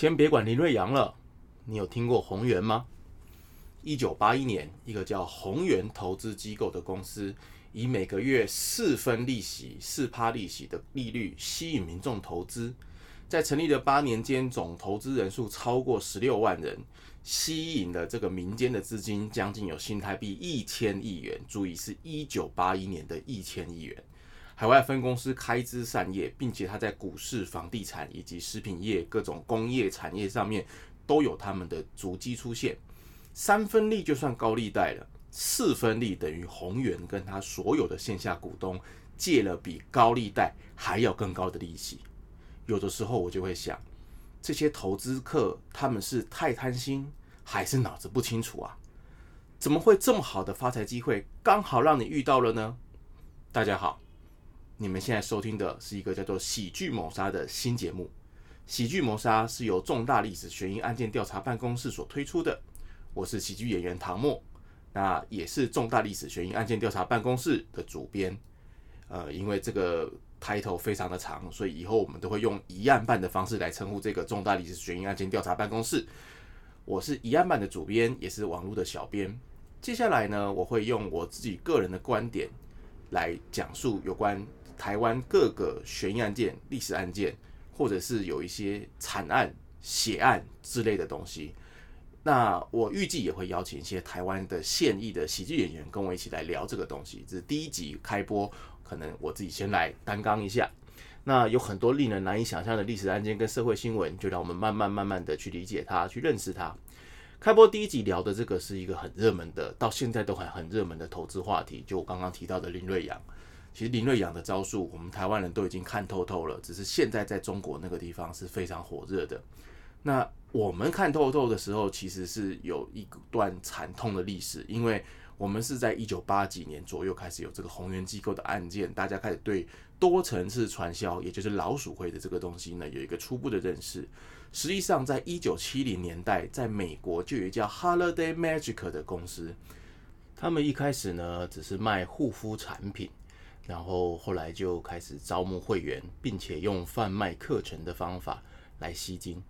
先別管林瑞陽了，你有聽過鴻源嗎？一九八一年，一個叫鴻源投資機構的公司，以每個月四分利息、四趴利息的利率吸引民眾投資，在成立的八年間，總投資人數超過十六萬人，吸引了這個民間的資金將近有新台幣一千億元，注意是一九八一年的一千億元。海外分公司開枝散葉，並且它在股市、房地產以及食品業各種工業產業上面都有他們的足跡出現。三分利就算高利貸了，四分利等於鴻源跟他所有的線下股東借了比高利貸還要更高的利息。有的時候我就會想，這些投資客他們是太貪心，還是腦子不清楚啊？怎麼會這麼好的發財機會剛好讓你遇到了呢？大家好，你們現在收聽的是一個叫做喜《喜劇謀殺》的新節目，《喜劇謀殺》是由重大歷史懸疑案件調查辦公室所推出的。我是喜劇演員唐墨，那也是重大歷史懸疑案件調查辦公室的主編。呃，因為這個 title 非常的長，所以以後我們都會用“疑案辦”的方式來稱呼這個重大歷史懸疑案件調查辦公室。我是疑案辦的主編，也是網絡的小編。接下來呢，我會用我自己個人的觀點來講述有關。台灣各個懸疑案件、歷史案件，或者是有一些慘案、血案之類的東西。那我預計也會邀請一些台灣的現役的喜劇演員跟我一起來聊這個東西。這是第一集開播，可能我自己先來擔綱一下。那有很多令人難以想象的歷史案件跟社會新聞，就讓我們慢慢慢慢的去理解它，去認識它。開播第一集聊的這個是一個很熱門的，到現在都還很熱門的投資話題，就我剛剛提到的林瑞陽。其實林瑞陽的招數，我們台灣人都已經看透透了。只是現在在中國那個地方是非常火熱的。那我們看透透的時候，其實是有一段慘痛的歷史，因為我們是在一九八幾年左右開始有這個鴻源機構的案件，大家開始對多層次傳銷，也就是老鼠會的這個東西呢，有一個初步的認識。實際上，在一九七零年代，在美國就有一家 Holiday Magic 的公司，他們一開始呢，只是賣護膚產品。然後後來就開始招募會員，並且用販賣課程的方法來吸金。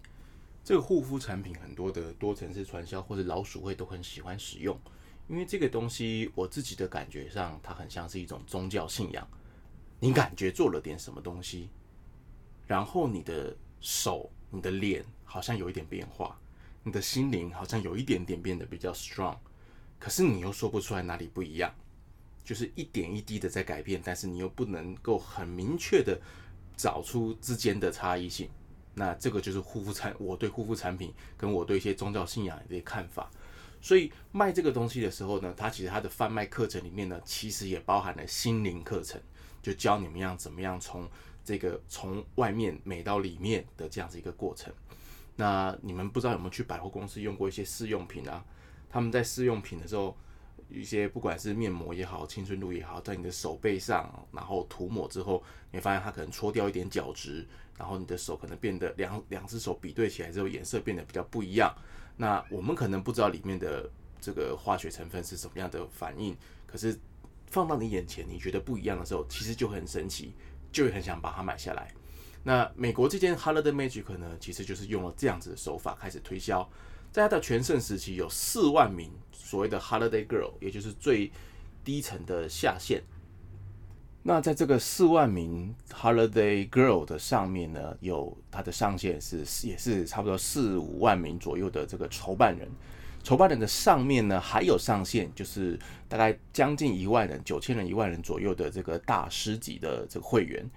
這個護膚產品，很多的多層次傳銷或者老鼠會都很喜歡使用，因為這個東西我自己的感覺上，它，很像是一種宗教信仰。你感覺做了點什麼東西，然後你的手、你的臉好像有一點變化，你的心靈好像有一點點變得比較 strong，可是你又說不出來哪裡不一樣。就是一點一滴的在改變，但是你又不能夠很明確的找出之間的差異性，那這個就是護膚產我對護膚產品跟我對一些宗教信仰的一些看法。所以賣這個東西的時候呢，它其實它的販賣課程裡面呢，其實也包含了心靈課程，就教你們要怎麼樣從這個從外面美到裡面的這樣子一個過程。那你們不知道有沒有去百貨公司用過一些試用品啊？他們在試用品的時候。一些不管是面膜也好，青春露也好，在你的手背上，然後塗抹之後，你會發現它可能搓掉一點角質，然後你的手可能變得兩兩隻手比對起來之後，顏色變得比較不一樣。那我們可能不知道裡面的這個化學成分是什麼樣的反應，可是放到你眼前，你覺得不一樣的時候，其實就很神奇，就很想把它買下來。那美國這件 Holiday Magic 呢，其實就是用了這樣子的手法開始推銷。在他的全盛時期，有四萬名所謂的 Holiday Girl，也就是最低層的下線。那在這個四萬名 Holiday Girl 的上面呢，有它的上線是也是差不多四五萬名左右的這個籌辦人。籌辦人的上面呢，還有上線，就是大概將近一萬人、九千人、一萬人左右的這個大師級的這個會員。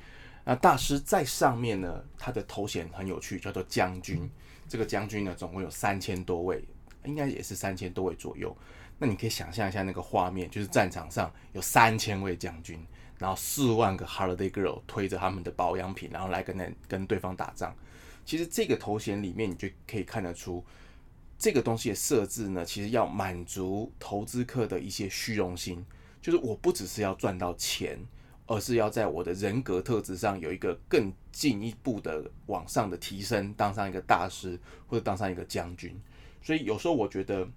那大師在上面呢，他的頭銜很有趣，叫做將軍。這個將軍呢，總共有三千多位，應該也是三千多位左右。那你可以想象一下那個畫面，就是戰場上有三千位將軍，然後四萬個 Holiday Girl 推着他們的保養品，然後來跟那跟對方打仗。其實這個頭銜裡面，你就可以看得出，這個東西的設置呢，其實要滿足投資客的一些虛榮心，就是我不只是要賺到錢。而是要在我的人格特質上有一個更進一步的往上的提升，當上一個大師或者當上一個將軍。所以有時候我覺得，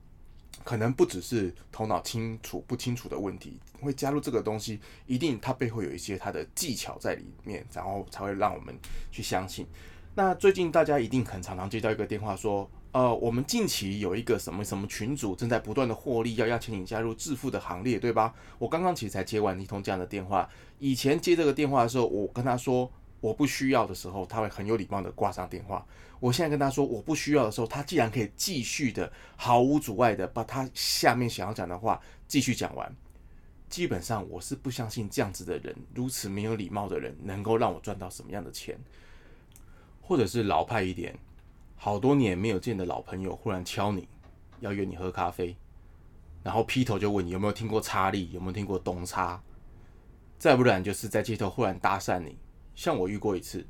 可能不只是頭腦清楚不清楚的問題，會加入這個東西，一定它背後有一些它的技巧在裡面，然後才會讓我們去相信。那最近大家一定很常常接到一個電話說，呃，我們近期有一個什麼什麼群組正在不斷的獲利，要邀請你加入致富的行列，對吧？我剛剛其實才接完一通這樣的電話。以前接這個電話的時候，我跟他說我不需要的時候，他會很有禮貌的掛上電話。我現在跟他說我不需要的時候，他竟然可以繼續的毫無阻礙的把他下面想要講的話繼續講完。基本上我是不相信這樣子的人，如此沒有禮貌的人，能夠讓我賺到什麼樣的錢？或者是老派一點。好多年沒有見的老朋友忽然敲你，要約你喝咖啡，然後劈頭就問你有沒有聽過查理，有沒有聽過東差，再不然就是在街頭忽然搭訕你。像我遇過一次，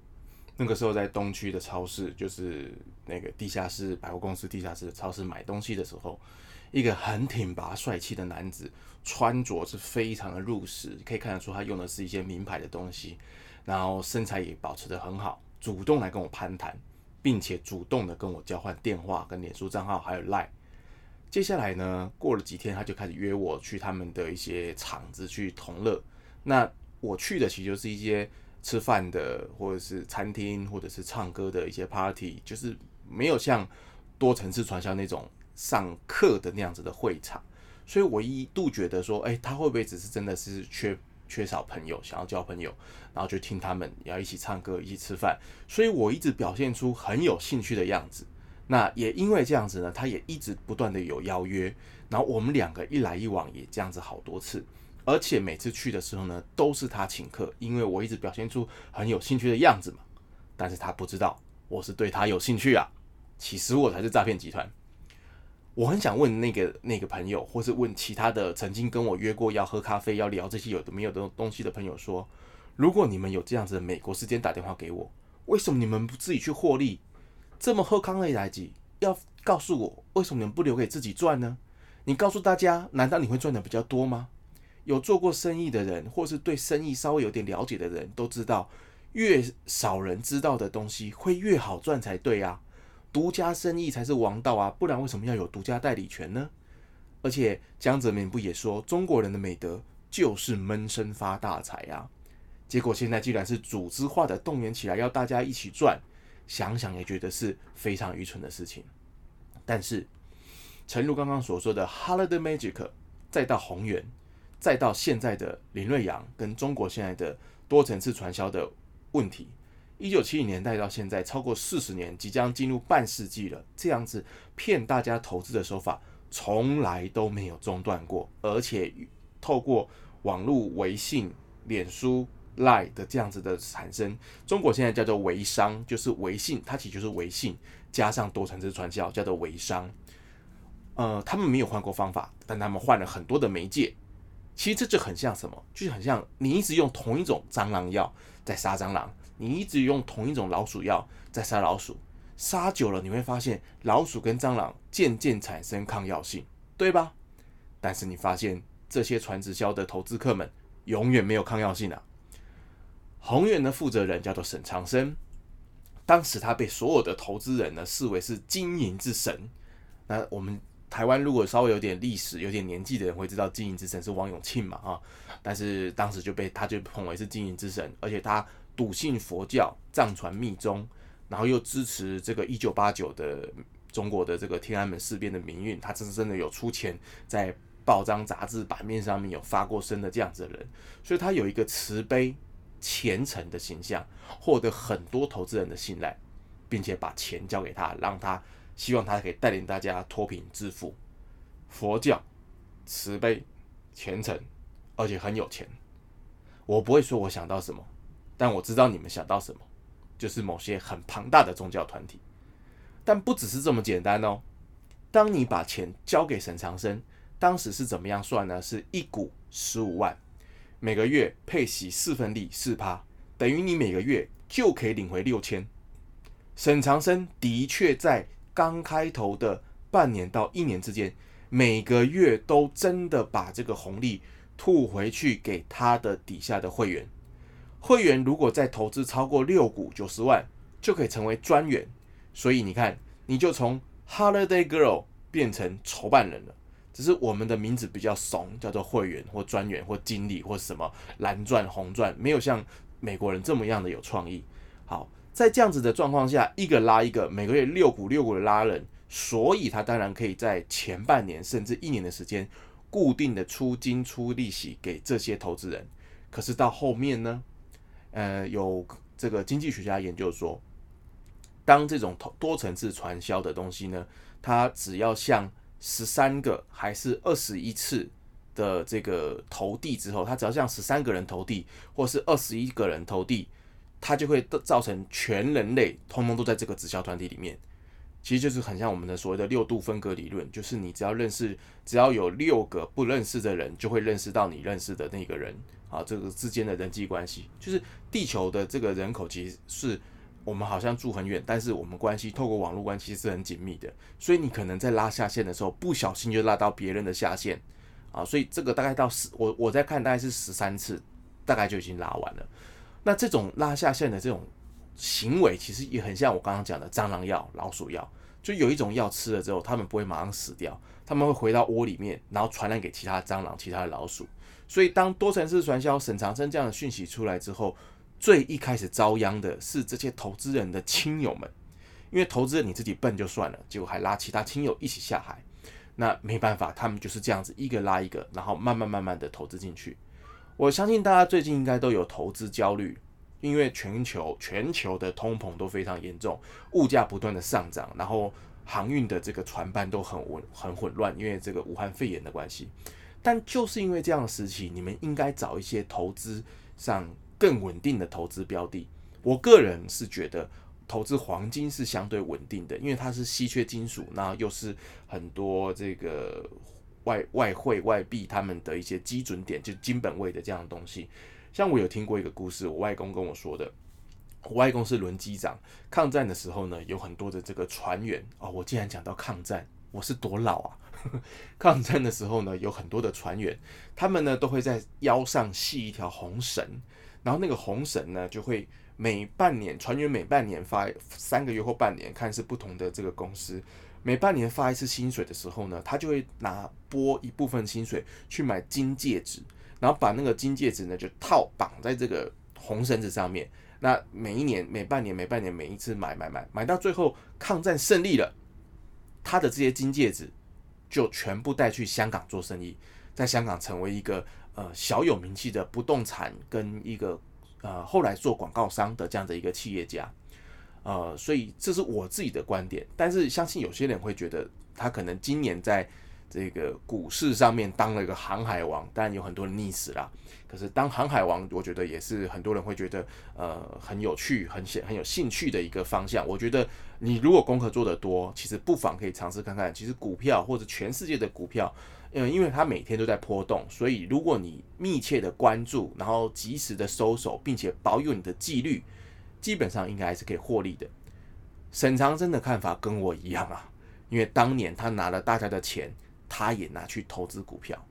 那個時候在東區的超市，就是那個地下室百貨公司地下室的超市買東西的時候，一個很挺拔帥氣的男子，穿着是非常的入時，可以看得出他用的是一些名牌的東西，然後身材也保持得很好，主動來跟我攀談。並且主動的跟我交換電話、跟臉書賬號，還有賴。接下來呢，過了幾天，他就開始約我去他們的一些場子去同樂。那我去的其實就是一些吃飯的，或者是餐廳，或者是唱歌的一些 party，就是沒有像多層次傳銷那種上課的那樣子的會場。所以，我一度覺得說，哎，他會不會只是真的是缺？缺少朋友，想要交朋友，然後就聽他們要一起唱歌，一起吃飯，所以我一直表現出很有興趣的樣子。那也因為這樣子呢，他也一直不斷的有邀約，然後我們兩個一來一往也這樣子好多次，而且每次去的時候呢，都是他請客，因為我一直表現出很有興趣的樣子嘛。但是他不知道我是對他有興趣啊，其實我才是詐騙集團。我很想問那個那個朋友，或是問其他的曾經跟我約過要喝咖啡、要聊這些有的沒有的東西的朋友說：如果你們有這樣子的美國時間打電話給我，為什麼你們不自己去獲利？這麼好康的代誌，要告訴我為什麼你們不留給自己賺呢？你告訴大家，難道你會賺的比較多嗎？有做過生意的人，或是對生意稍微有點了解的人都知道，越少人知道的東西會越好賺才對啊。獨家生意才是王道啊，不然為什麼要有獨家代理權呢？而且江澤民不也說，中國人的美德就是悶聲發大財啊？結果現在既然是組織化的動員起來，要大家一起賺，想想也覺得是非常愚蠢的事情。但是，誠如剛剛所說的 Holiday Magic，再到鴻源，再到現在的林瑞陽，跟中國現在的多層次傳銷的問題。一九七零年代到現在，超過四十年，即將進入半世紀了。這樣子騙大家投資的手法，從來都沒有中斷過。而且透過網絡、微信、臉書、賴的這樣子的產生，中國現在叫做微商，就是微信，它其實就是微信加上多層次傳銷，叫做微商。呃，他們沒有換過方法，但他們換了很多的媒介。其實這就很像什麼？就是很像你一直用同一種蟑螂藥在殺蟑螂。你一直用同一種老鼠藥在殺老鼠，殺久了你會發現老鼠跟蟑螂漸漸產生抗藥性，對吧？但是你發現這些傳直銷的投資客們永遠沒有抗藥性了、啊。鴻源的負責人叫做沈長聲，當時他被所有的投資人呢視為是經營之神。那我們台灣如果稍微有點歷史、有點年紀的人會知道，經營之神是王永慶嘛，啊，但是當時就被他就捧為是經營之神，而且他。篤信佛教、藏傳密宗，然後又支持這個一九八九的中國的這個天安門事變的民運，他這是真的有出錢在報章、雜誌版面上面有發過聲的這樣子的人，所以他有一個慈悲、虔誠的形象，獲得很多投資人的信賴，並且把錢交給他，讓他希望他可以帶領大家脫貧致富。佛教、慈悲、虔誠，而且很有錢，我不會說我想到什麼。但我知道你們想到什麼，就是某些很龐大的宗教團體。但不只是這麼簡單哦。當你把錢交給沈長聲，當時是怎麼樣算呢？是一股十五萬，每個月配息四分利四趴，等於你每個月就可以領回六千。沈長聲的確在剛開頭的半年到一年之間，每個月都真的把這個紅利吐回去給他的底下的會員。會員如果再投資超過六股九十萬，就可以成為專員。所以你看，你就從 Holiday Girl 變成籌辦人了。只是我們的名字比較慫，叫做會員或專員或經理或什麼藍鑽紅鑽，沒有像美國人這麼樣的有創意。好，在這樣子的狀況下，一個拉一個，每個月六股六股的拉人，所以他當然可以在前半年甚至一年的時間，固定的出金出利息給這些投資人。可是到後面呢？呃，有這個經濟學家研究說，當這種多層次傳銷的東西呢，它只要向十三個還是二十一次的這個投遞之後，它只要向十三個人投遞，或是二十一個人投遞，它就會造成全人類通通都在這個直銷團體裡面。其實就是很像我們的所謂的六度分隔理論，就是你只要認識，只要有六個不認識的人，就會認識到你認識的那個人。啊，這個之間的人際關係，就是地球的這個人口，其實是我們好像住很遠，但是我們關係透過網絡關係是很緊密的。所以你可能在拉下線的時候，不小心就拉到別人的下線，啊，所以這個大概到十，我我在看大概是十三次，大概就已經拉完了。那這種拉下線的這種行為，其實也很像我剛剛講的蟑螂藥、老鼠藥，就有一種藥吃了之後，他們不會馬上死掉，他們會回到窩裡面，然後傳染給其他的蟑螂、其他的老鼠。所以，當多層次傳銷沈長聲這樣的訊息出來之後，最一開始遭殃的是這些投資人的親友們，因為投資人你自己笨就算了，結果還拉其他親友一起下海，那沒辦法，他們就是這樣子一個拉一個，然後慢慢慢慢的投資進去。我相信大家最近應該都有投資焦慮，因為全球全球的通膨都非常嚴重，物價不斷的上漲，然後航運的這個船班都很混很混亂，因為這個武漢肺炎的關係。但就是因為這樣的時期，你們應該找一些投資上更穩定的投資標的。我個人是覺得投資黃金是相對穩定的，因為它是稀缺金屬，那又是很多這個外外匯外幣他們的一些基準點，就金本位的這樣的東西。像我有聽過一個故事，我外公跟我說的，我外公是輪機長，抗戰的時候呢，有很多的這個船員哦，我竟然講到抗戰，我是多老啊？抗戰的時候呢，有很多的船員，他們呢都會在腰上繫一條紅繩，然後那個紅繩呢就會每半年，船員每半年發三個月或半年，看是不同的這個公司，每半年發一次薪水的時候呢，他就會拿撥一部分薪水去買金戒指，然後把那個金戒指呢就套綁在這個紅繩子上面。那每一年、每半年、每半年、每一次買買買，買到最後抗戰勝利了，他的這些金戒指。就全部帶去香港做生意，在香港成為一個呃小有名氣的不動產跟一個呃後來做廣告商的這樣的一個企業家。呃，所以這是我自己的觀點，但是相信有些人會覺得他可能今年在。這個股市上面當了一個航海王，但有很多人溺死了。可是當航海王，我覺得也是很多人會覺得呃很有趣，很顯，很有興趣的一個方向。我覺得你如果功課做得多，其實不妨可以嘗試看看。其實股票或者全世界的股票，嗯、呃，因為它每天都在波動，所以如果你密切的關注，然後及時的收手，並且保有你的紀律，基本上應該還是可以獲利的。沈長聲的看法跟我一樣啊，因為當年他拿了大家的錢。他也拿去投資股票，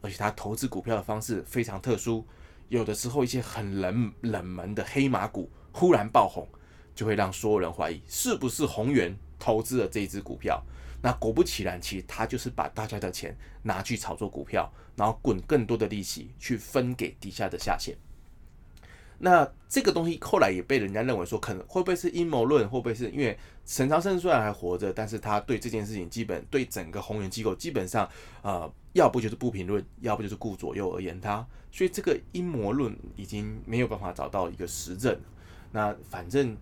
而且他投資股票的方式非常特殊。有的時候，一些很冷冷門的黑馬股忽然爆紅，就會讓所有人懷疑是不是鴻源投資了這一支股票。那果不其然，其實他就是把大家的錢拿去炒作股票，然後滾更多的利息去分給底下的下線。那這個東西後來也被人家認為說，可能會不會是陰謀論？會不會是因為沈長聲雖然還活着，但是他對這件事情基本對整個鴻源機構基本上、呃，啊要不就是不評論，要不就是顧左右而言他，所以這個陰謀論已經沒有辦法找到一個實證了，那反正。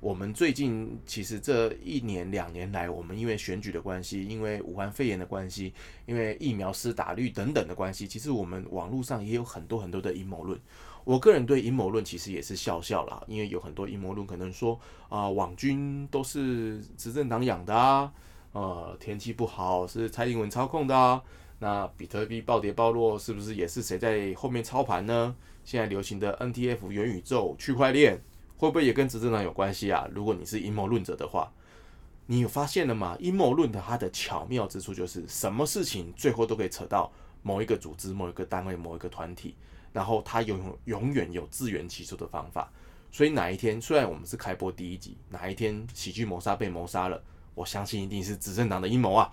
我們最近其實這一年兩年來，我們因為選舉的關係，因為武漢肺炎的關係，因為疫苗施打率等等的關係，其實我們網絡上也有很多很多的陰謀論。我個人對陰謀論其實也是笑笑啦，因為有很多陰謀論可能說啊，網軍都是執政黨養的啊，呃，天氣不好是蔡英文操控的啊，那比特幣暴跌暴落是不是也是誰在後面操盤呢？現在流行的 NTF 元宇宙區塊鏈，會不會也跟執政黨有關係啊？如果你是陰謀論者的話，你有發現了嗎？陰謀論的它的巧妙之處就是，什麼事情最後都可以扯到某一個組織、某一個單位、某一個團體，然後它永永遠有自圓其說的方法。所以哪一天，雖然我們是開播第一集，哪一天喜劇謀殺被謀殺了，我相信一定是執政黨的陰謀啊！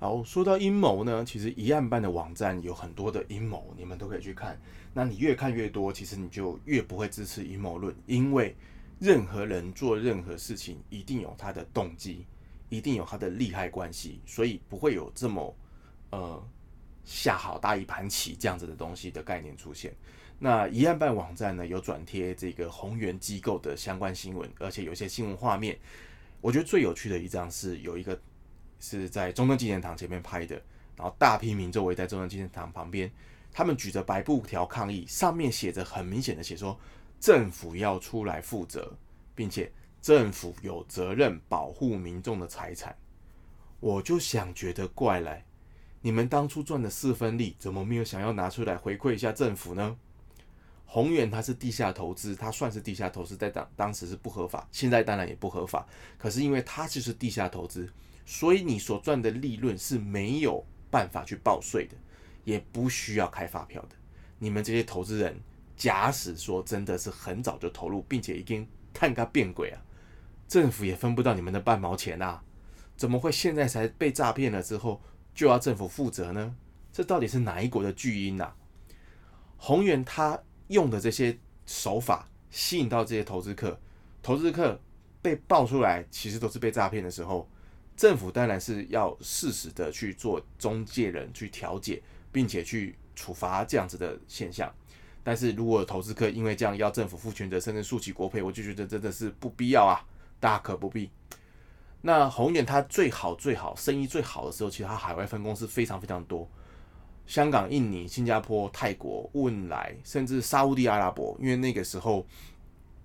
好，說到陰謀呢，其實疑案辦的網站有很多的陰謀，你們都可以去看。那你越看越多，其實你就越不會支持陰謀論，因為任何人做任何事情一定有他的動機，一定有他的利害關係，所以不會有這麼呃下好大一盤棋這樣子的東西的概念出現。那疑案辦網站呢，有轉貼這個鴻源機構的相關新聞，而且有一些新聞畫面，我覺得最有趣的一張是有一個。是在中正紀念堂前面拍的，然後大批民眾圍在中正紀念堂旁邊，他們舉着白布條抗議，上面寫着很明顯的寫說政府要出來負責，並且政府有責任保護民眾的財產。我就想覺得怪來，你們當初賺的四分利，怎麼沒有想要拿出來回饋一下政府呢？鴻源他是地下投資，他算是地下投資，在當當時是不合法，現在當然也不合法，可是因為他就是地下投資。所以你所賺的利潤是沒有辦法去報稅的，也不需要開發票的。你們這些投資人，假使說真的是很早就投入，並且已經看它變鬼啊，政府也分不到你們的半毛錢啊，怎麼會現在才被詐騙了之後就要政府負責呢？這到底是哪一國的巨嬰吶啊？鴻源他用的這些手法吸引到這些投資客，投資客被爆出來其實都是被詐騙的時候。政府當然是要適時的去做中介人，去調解，並且去處罰這樣子的現象。但是如果投資客因為這樣要政府負全責，甚至訴起國賠，我就覺得真的是不必要啊，大可不必。那鴻源它，最好最好，生意最好的時候，其實它海外分公司非常非常多，香港、印尼、新加坡、泰國、汶萊，甚至沙烏地阿拉伯，因為那個時候。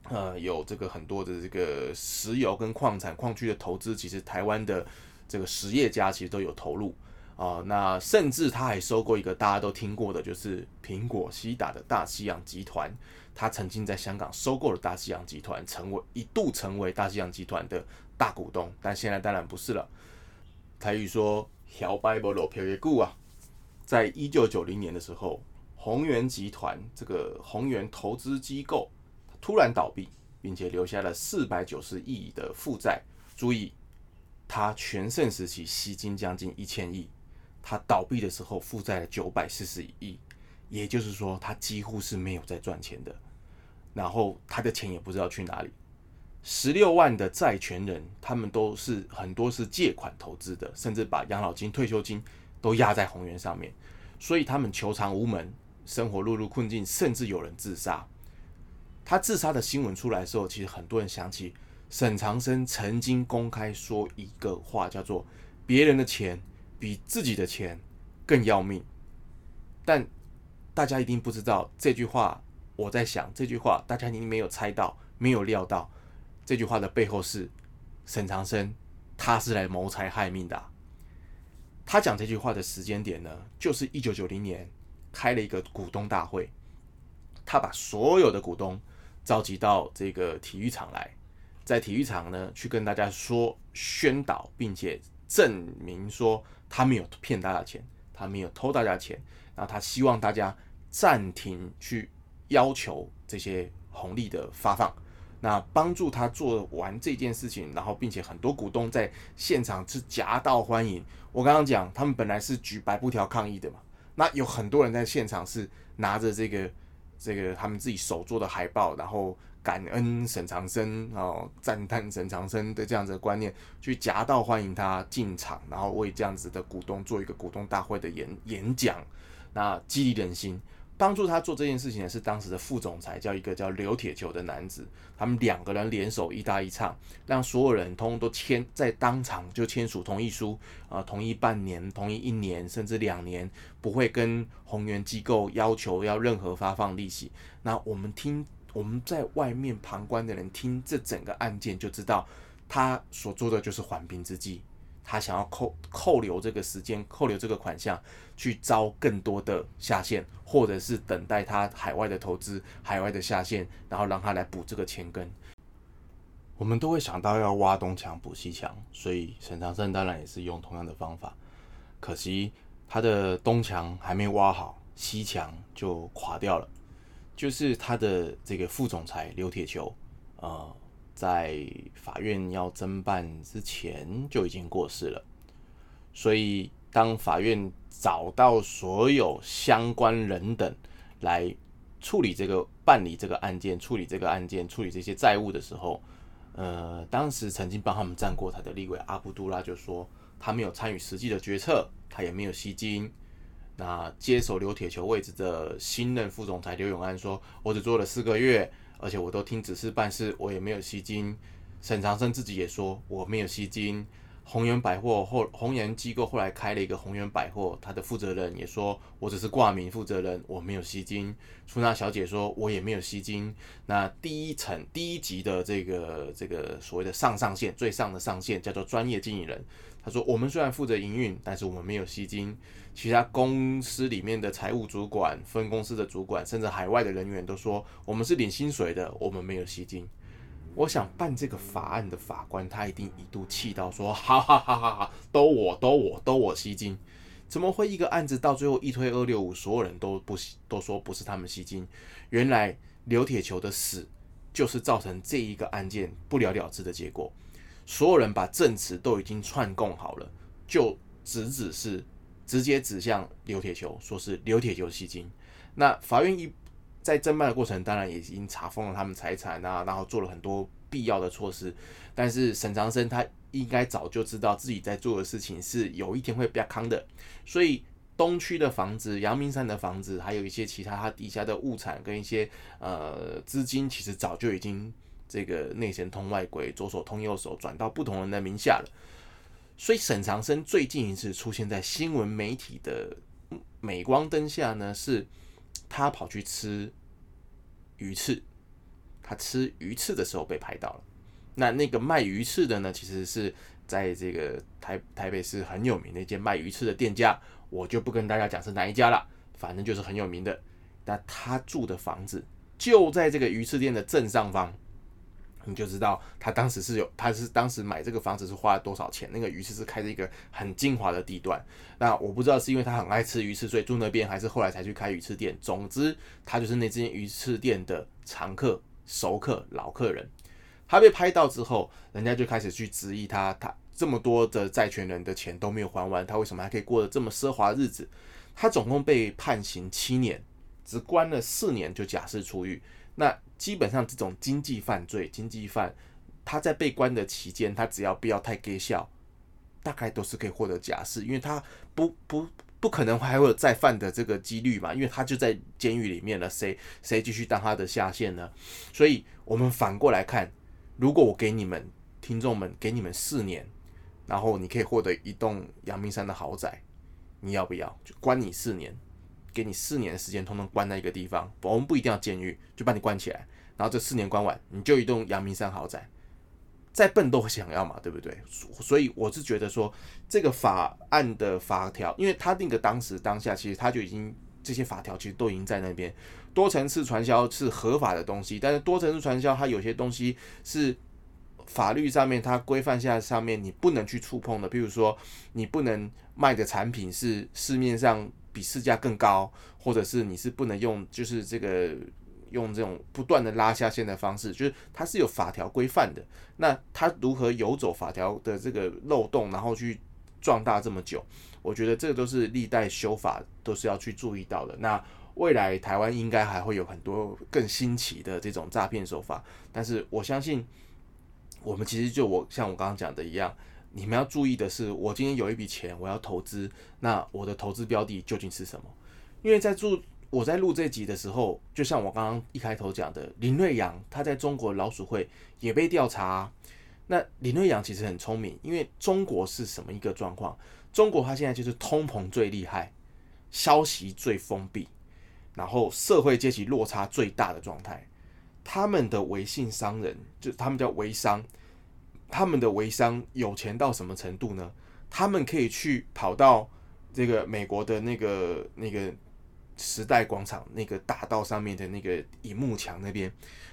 呃，有這個很多的這個石油跟礦產、礦區的投資，其實台灣的這個實業家其實都有投入啊、呃。那甚至他還收購一個大家都聽過的就是蘋果西打的大西洋集團，他曾經在香港收購了大西洋集團，成為一度成為大西洋集團的大股東，但現在當然不是了。台語說，好白無落票一古啊。在一九九零年的時候，宏源集團這個宏源投資機構。突然倒閉，並且留下了四百九十億的負債。注意，他全盛時期吸金將近一千億，他倒閉的時候負債了九百四十億，也就是說，他幾乎是沒有在賺錢的。然後他的錢也不知道去哪裡。十六萬的債權人，他們都是很多是借款投資的，甚至把養老金、退休金都壓在鴻源上面，所以他們求償無門，生活落入困境，甚至有人自殺。他自殺的新聞出來的時候，其實很多人想起沈長聲曾經公開說一個話，叫做“別人的錢比自己的錢更要命”，但大家一定不知道這句話。我在想這句話，大家一定沒有猜到，沒有料到這句話的背後是沈長聲他是來謀財害命的。他講這句話的時間點呢，就是一九九零年開了一個股東大會，他把所有的股東。召集到這個體育場來，在體育場呢，去跟大家說宣導，並且證明說他沒有騙大家錢，他沒有偷大家錢。然後他希望大家暫停去要求這些紅利的發放，那幫助他做完這件事情。然後，並且很多股東在現場是夾道歡迎。我剛剛講，他們本來是舉白布條抗議的嘛，那有很多人在現場是拿着這個。這個他們自己手做的海報，然後感恩沈長聲，然後讚嘆沈長聲的這樣子的觀念，去夾道歡迎他進場，然後為這樣子的股東做一個股東大會的演演講，那激勵人心。幫助他做這件事情的是當時的副總裁，叫一個叫劉鐵球的男子，他們兩個人聯手，一搭一唱，讓所有人通通都簽，在當場就簽署同意書，啊、呃，同意半年，同意一年，甚至兩年，不會跟宏源機構要求要任何發放利息。那我們聽，我們在外面旁觀的人聽這整個案件就知道，他所做的就是緩兵之計。他想要扣扣留這個時間，扣留這個款項，去招更多的下線，或者是等待他海外的投資、海外的下線，然後讓他來補這個錢根，我們都會想到要挖東牆補西牆，所以沈長聲當然也是用同樣的方法。可惜他的東牆還沒挖好，西牆就垮掉了，就是他的這個副總裁劉鐵球，呃在法院要偵辦之前就已經過世了，所以當法院找到所有相關人等來處理這個辦理這個案件、處理這個案件、處理這些債務的時候，呃，當時曾經幫他們站過台的立委阿布都拉就說他沒有參與實際的決策，他也沒有吸金。那接手劉鐵球位置的新任副總裁劉永安說：“我只做了四個月。”而且，我都聽指示辦事，我也沒有吸金。沈長聲自己也說，我沒有吸金。鴻源百貨後，鴻源機構後來開了一個鴻源百貨，他的負責人也說，我只是掛名負責人，我沒有吸金。出納小姐說我也沒有吸金。那第一層、第一級的這個這個所謂的上上線、最上的上線叫做專業經理人，他說我們雖然負責營運，但是我們沒有吸金。其他公司裡面的財務主管、分公司的主管，甚至海外的人員都說，我們是領薪水的，我們沒有吸金。我想辦這個法案的法官，他一定一度氣到說：“哈哈哈哈，都我，都我，都我吸金，怎麼會一個案子到最後一推二六五，所有人都不都說不是他們吸金？原來劉鐵球的死就是造成這一個案件不了了之的結果，所有人把證詞都已經串供好了，就直指，指是直接指向劉鐵球，說是劉鐵球吸金。那法院一。在偵辦的過程，當然也已經查封了他們財產啊，然後做了很多必要的措施。但是沈長聲他應該早就知道自己在做的事情是有一天會被扛的，所以東區的房子、陽明山的房子，還有一些其他他底下的物產跟一些呃資金，其實早就已經這個內神通外鬼，左手通右手，轉到不同人的名下了。所以沈長聲最近一次出現在新聞媒體的鎂光燈下呢，是。他跑去吃魚翅，他吃魚翅的時候被拍到了。那那個賣魚翅的呢，其實是在這個台台北市很有名的一間賣魚翅的店家，我就不跟大家講是哪一家了，反正就是很有名的。那他住的房子就在這個魚翅店的正上方。你就知道他當時是有，他是當時買這個房子是花了多少錢。那個魚翅是開在一個很精華的地段。那我不知道是因為他很愛吃魚翅，所以住那邊，還是後來才去開魚翅店。總之，他就是那間魚翅店的常客、熟客、老客人。他被拍到之後，人家就開始去質疑他。他這麼多的債權人的錢都沒有還完，他為什麼還可以過得這麼奢華的日子？他總共被判刑七年，只關了四年就假釋出獄。那。基本上這種經濟犯罪、經濟犯，他在被關的期間，他只要不要太給笑，大概都是可以獲得假釋，因為他不不不可能還會有再犯的這個幾率嘛，因為他就在監獄裡面了，誰誰繼續當他的下線呢？所以我們反過來看，如果我給你們聽眾們給你們四年，然後你可以獲得一棟陽明山的豪宅，你要不要？就關你四年。給你四年的時間，統統關在一個地方。我們不一定要監獄，就把你關起來。然後這四年關完，你就一棟陽明山豪宅，再笨都會想要嘛，對不對？所以我是覺得說，這個法案的法條，因為他那個當時當下，其實他就已經這些法條其實都已經在那邊。多層次傳銷是合法的東西，但是多層次傳銷它有些東西是法律上面它規範下上面你不能去觸碰的，比如說你不能賣的產品是市面上。比市價更高，或者是你是不能用，就是這個用這種不斷的拉下線的方式，就是它是有法條規範的。那它如何游走法條的這個漏洞，然後去壯大這麼久？我覺得這個都是歷代修法都是要去注意到的。那未來台灣應該還會有很多更新奇的這種詐騙手法，但是我相信我們其實就我像我剛剛講的一樣。你們要注意的是，我今天有一筆錢，我要投資，那我的投資標的究竟是什麼？因為在住我在錄這集的時候，就像我剛剛一開頭講的，林瑞陽他在中國老鼠會也被調查啊。那林瑞陽其實很聰明，因為中國是什麼一個狀況？中國他現在就是通膨最厲害，消息最封閉，然後社會階級落差最大的狀態。他們的微信商人，就他們叫微商。他們的微商有錢到什麼程度呢？他們可以去跑到這個美國的那個那個時代廣場那個大道上面的那個熒幕牆那邊，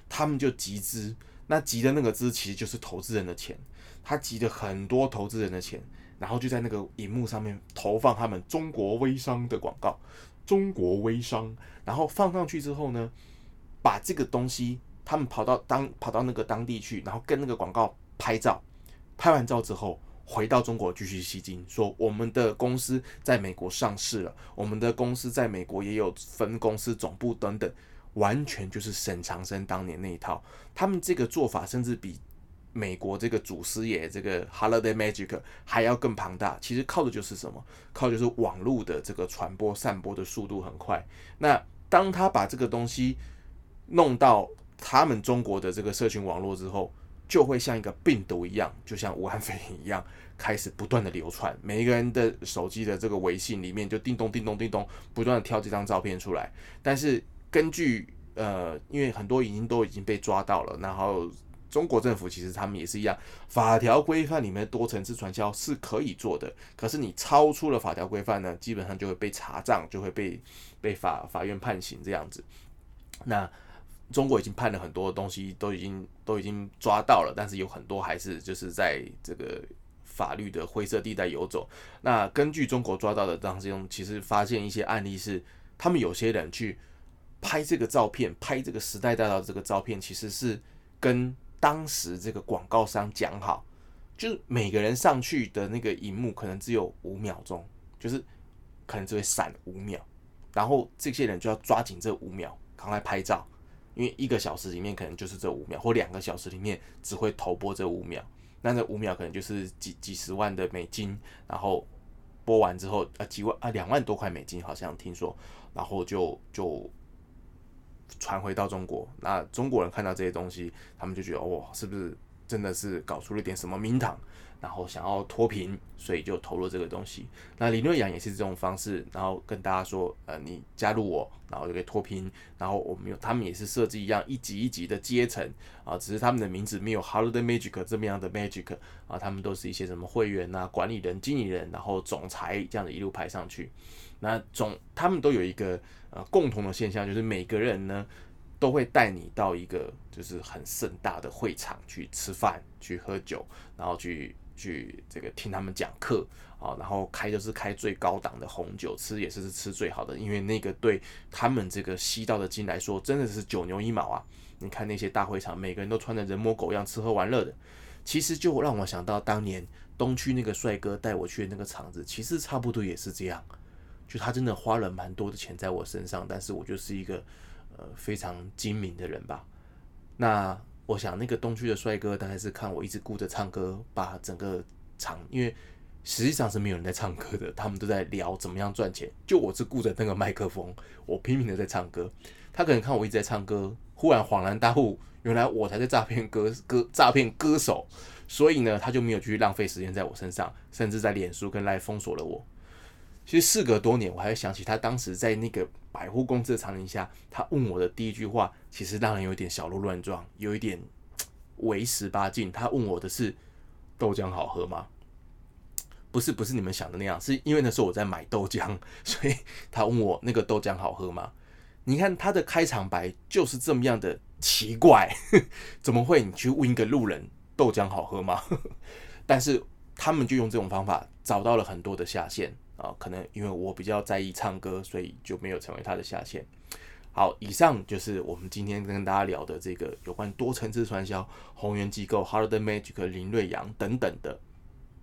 他們就集資，那集的那個資其實就是投資人的錢，他集的很多投資人的錢，然後就在那個熒幕上面投放他們中國微商的廣告，中國微商，然後放上去之後呢，把這個東西他們跑到當跑到那個當地去，然後跟那個廣告。拍照，拍完照之後回到中國繼續吸金，說我們的公司在美國上市了，我們的公司在美國也有分公司、總部等等，完全就是沈長聲當年那一套。他們這個做法甚至比美國這個祖師爺這個 Holiday Magic 還要更龐大。其實靠的就是什麼？靠就是網絡的這個傳播、散播的速度很快。那當他把這個東西弄到他們中國的這個社群網絡之後，就會像一個病毒一樣，就像武漢肺炎一樣，開始不斷的流傳。每一個人的手機的這個微信裡面，就叮咚叮咚叮咚，不斷的挑這張照片出來。但是根據呃，因為很多已經都已經被抓到了，然後中國政府其實他們也是一樣，法條規範裡面的多層次傳銷是可以做的，可是你超出了法條規範呢，基本上就會被查賬，就會被被法法院判刑這樣子。那。中國已經判了很多東西，都已經都已經抓到了，但是有很多還是就是在這個法律的灰色地帶游走。那根據中國抓到的當中，其實發現一些案例是，他們有些人去拍這個照片，拍這個時代大道這個照片，其實是跟當時這個廣告商講好，就是每個人上去的那個熒幕可能只有五秒鐘，就是可能只會閃五秒，然後這些人就要抓緊這五秒，趕快拍照。因為一個小時裡面可能就是這五秒，或兩個小時裡面只會投播這五秒，那這五秒可能就是幾幾十萬的美金，然後播完之後啊幾萬啊兩萬多塊美金好像聽說，然後就就傳回到中國，那中國人看到這些東西，他們就覺得哇、哦，是不是真的是搞出了點什麼名堂？然後想要脫貧，所以就投入這個東西。那林瑞陽也是這種方式，然後跟大家說：“呃，你加入我，然後就可以脫貧。”然後我們有他們也是設計一樣一級一級的階層啊，只是他們的名字沒有 Holiday Magic 這麼樣的 Magic 啊，他們都是一些什麼會員吶、啊、管理人、經理人，然後總裁這樣的一路排上去。那總他們都有一個呃共同的現象，就是每個人呢都會帶你到一個就是很盛大的會場去吃飯、去喝酒，然後去。去這個聽他們講課啊，然後開就是開最高檔的紅酒，吃也是吃最好的，因為那個對他們這個吸到的金來說，真的是九牛一毛啊。你看那些大會場，每個人都穿的人模狗樣，吃喝玩樂的，其實就讓我想到當年東區那個帥哥帶我去的那個場子，其實差不多也是這樣。就他真的花了蠻多的錢在我身上，但是我就是一個呃非常精明的人吧。那。我想那個東區的帥哥大概是看我一直顧着唱歌，把整個場，因為實際上是沒有人在唱歌的，他們都在聊怎麼樣賺錢。就我只顧着那個麥克風，我拼命的在唱歌。他可能看我一直在唱歌，忽然恍然大悟，原來我才是詐騙歌歌詐騙歌手，所以呢，他就沒有去浪費時間在我身上，甚至在臉書跟 LINE 封鎖了我。其實事隔多年，我還想起他當時在那個。百貨公司的場景下，他問我的第一句話，其實讓人有點小鹿亂撞，有一點為十八禁。他問我的是：豆漿好喝嗎？不是，不是你們想的那樣，是因為那時候我在買豆漿，所以他問我那個豆漿好喝嗎？你看他的開場白就是這麼樣的奇怪， 怎麼會你去問一個路人豆漿好喝嗎？ 但是他們就用這種方法找到了很多的下線。啊，可能因為我比較在意唱歌，所以就沒有成為他的下線。好，以上就是我們今天跟大家聊的這個有關多層次傳銷、鴻源機構、Holiday Magic、林瑞陽等等的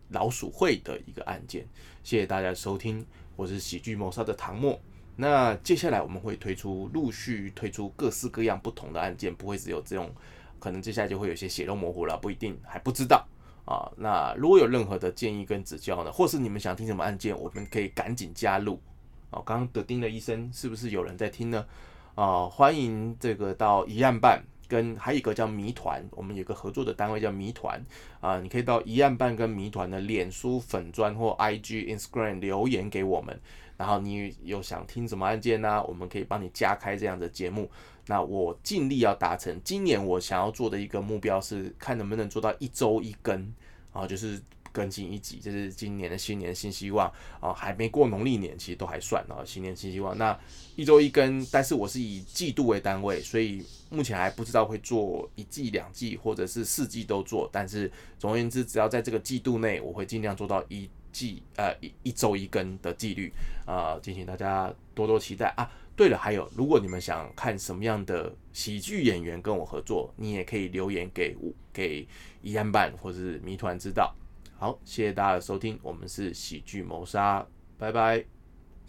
老鼠會的一個案件。謝謝大家收聽，我是喜劇謀殺的唐墨。那接下來我們會推出陸續推出各式各樣不同的案件，不會只有這種，可能接下來就會有些血肉模糊了，不一定還不知道。啊、哦，那如果有任何的建議跟指教呢，或是你們想聽什麼案件，我們可以趕緊加入。哦，剛剛得叮了一聲是不是有人在聽呢？啊、哦，歡迎這個到疑案辦跟還有一個叫謎團，我們有一個合作的單位叫謎團啊，你可以到疑案辦跟謎團的臉書粉專或 IG Instagram 留言給我們。然後你有想聽什麼案件呢，啊？我們可以幫你加開這樣的節目。那我盡力要達成，今年我想要做的一個目標是看能不能做到一周一更，啊，就是更新一集，這是今年的新年的新希望，啊，還沒過農曆年，其實都還算啊，新年新希望。那一周一更，但是我是以季度為單位，所以目前還不知道會做一季、兩季，或者是四季都做。但是總而言之，只要在這個季度內，我會盡量做到一季，呃，一一周一更的紀律，啊，敬請大家多多期待啊。對了，還有，如果你們想看什麼樣的喜劇演員跟我合作，你也可以留言給給疑案辦或者是謎團知道。好，謝謝大家的收聽，我們是喜劇謀殺，拜拜。